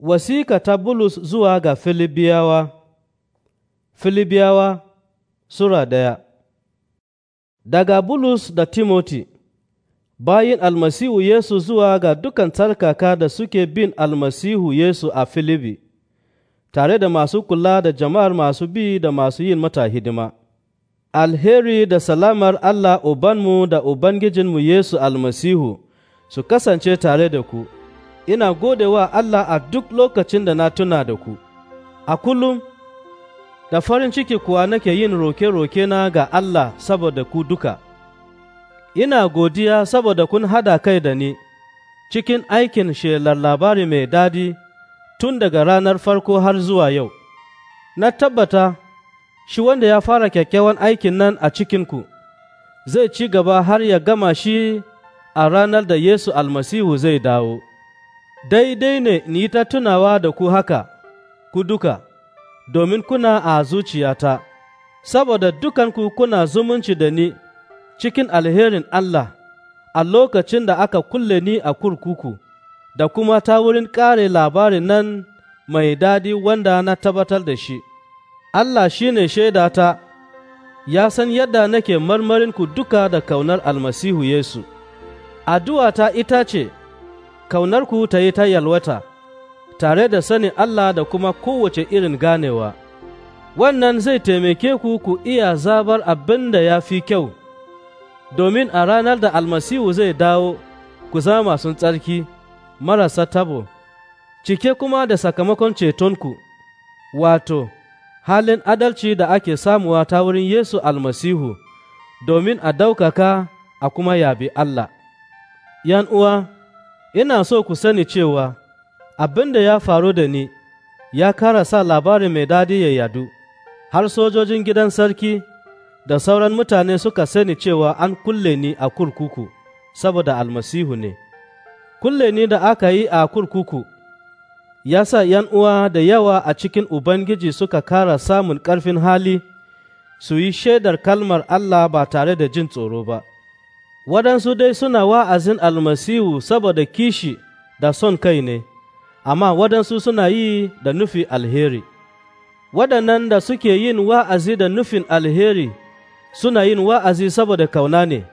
Wasika ta Bulus zuwa ga Filibiyawa Filibiyawa Sura ɗaya Daga Bulus da Timoti, bayin almasihu Yesu zuwa ga dukan tsarkaka da suke bin almasihu Yesu a Filibi, tare da masu kula da jama'ar masu bi da masu yin mata hidima. Alheri da salamar Allah Ubanmu da Ubangijinmu Yesu almasihu su kasance tare da ku. ina gode wa Allah a duk lokacin da na tuna da ku, a kullum da farin ciki kuwa nake yin roke-roke na ga Allah saboda ku duka. Ina godiya saboda kun hada kai da ni cikin aikin shelar labari mai dadi tun daga ranar farko har zuwa yau. Na tabbata, shi wanda ya fara kyakkyawan aikin nan a cikinku, zai ci gaba har ya gama shi a ranar da Yesu almasihu zai dawo. daidai ne in yi ta tunawa da ku haka, ku duka, domin kuna a zuciyata, saboda dukanku kuna zumunci da ni cikin alherin Allah a lokacin da aka kulle ni a kurkuku, da kuma ta wurin ƙare labarin nan mai daɗi wanda na tabbatar da shi. Allah shi ne shaidata, ya san yadda nake marmarin ku duka da kaunar almasihu Yesu. Addu'a ta ita ce, kaunarku ta yi ta yalwata, tare da sanin Allah da kuma kowace irin ganewa, wannan zai taimake ku ku iya zabar abin da ya fi kyau, domin a ranar da almasihu zai dawo ku zama masu tsarki marasa tabo, cike kuma da sakamakon cetonku, wato, halin adalci da ake samuwa ta wurin Yesu almasihu, domin a ɗaukaka a kuma yabi Allah. ’Yan uwa, ina so ku sani cewa abin da ya faru da ni ya kara sa labari mai dadi ya yadu, har sojojin gidan sarki da sauran mutane suka sani cewa an kulle ni a kurkuku saboda almasihu ne. Kulle ni da aka yi a kurkuku ya sa uwa da yawa a cikin Ubangiji suka kara samun ƙarfin hali su yi shaidar kalmar Allah ba tare da jin tsoro ba. waɗansu dai suna wa'azin almasihu saboda kishi da son kai ne, amma waɗansu suna yi da nufi alheri. Waɗannan da suke yin wa'azi da nufin alheri suna yin wa'azi saboda kauna ne,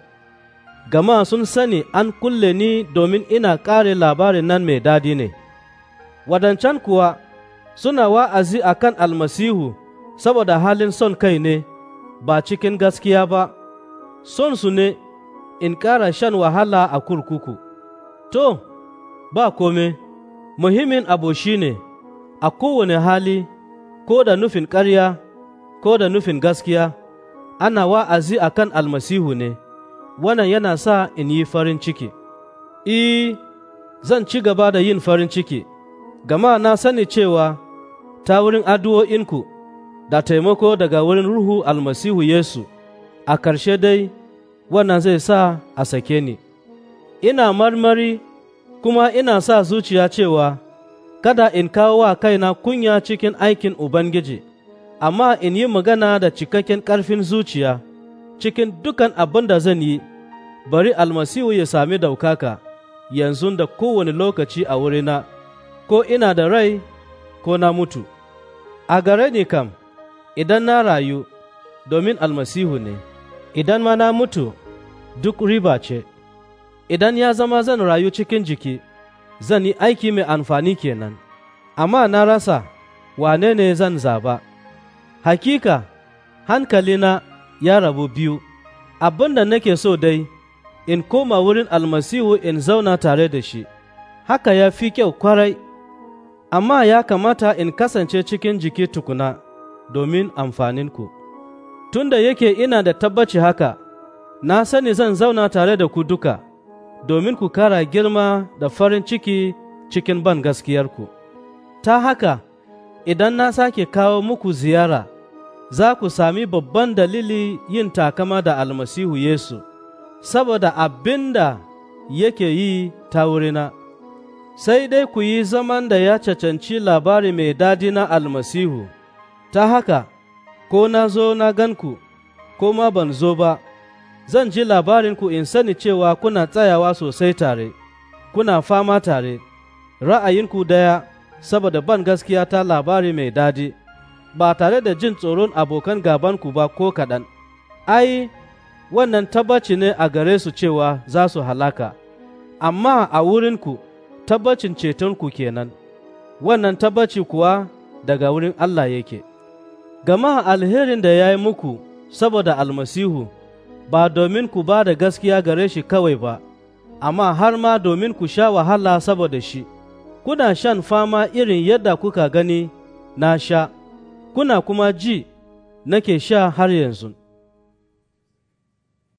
gama sun sani an kulle ni domin ina ƙare labarin nan mai dadi ne. Wadancan kuwa suna wa'azi a kan almasihu saboda halin son kai ne, ba cikin gaskiya ba, son su ne in ƙara shan wahala a kurkuku. To, ba kome, muhimmin abu shi ne, a kowane hali, ko da nufin ƙarya, ko da nufin gaskiya, ana wa'azi a kan almasihu ne, wannan yana sa in yi farin ciki. I, e, zan ci gaba da yin farin ciki, gama na sani cewa ta wurin addu'o'inku da taimako daga wurin Ruhu almasihu Yesu, a ƙarshe dai. wannan zai sa a sake ni. Ina marmari kuma ina sa zuciya cewa, Kada in kawo wa kaina kunya cikin aikin Ubangiji, amma in yi magana da cikakken ƙarfin zuciya cikin dukan abin da zan yi, bari almasihu ya sami daukaka yanzu da kowane lokaci a wurina, ko ina da rai ko na mutu. A gare ni kam, idan na rayu, domin almasihu ne, idan ma na mutu duk riba ce, idan ya zama zan rayu cikin jiki, zan yi aiki mai amfani kenan, amma na rasa wane ne zan zaba. Hakika, hankalina ya rabu biyu, abin da nake so dai, in koma wurin almasihu in zauna tare da shi, haka ya fi kyau kwarai, amma ya kamata in kasance cikin jiki tukuna domin amfaninku. Tunda yake ina da tabbaci haka, na sani zan zauna tare da ku duka, domin ku kara girma da farin ciki cikin ban gaskiyarku. Ta haka, idan na sake kawo muku ziyara, za ku sami babban dalili yin takama da almasihu Yesu, saboda abin da yake yi ta wurina. Sai dai ku yi zaman da ya cancanci labari mai dadi na almasihu, ta haka, ko na zo na ganku, ko ma ban zo ba. zan ji labarinku in sani cewa kuna tsayawa sosai tare, kuna fama tare, ra'ayinku daya saboda ban gaskiya ta labari mai dadi, ba tare da jin tsoron abokan gabanku ba ko kaɗan. Ai, wannan tabbaci ne a gare su cewa za su halaka, amma a wurinku tabbacin cetonku kenan, wannan tabbaci kuwa daga wurin Allah yake. Gama alherin da ya yi muku saboda almasihu. ba domin ku ba da gaskiya gare shi kawai ba, amma har ma domin ku sha wahala saboda shi, kuna shan fama irin yadda kuka gani na sha, kuna kuma ji nake sha har yanzu.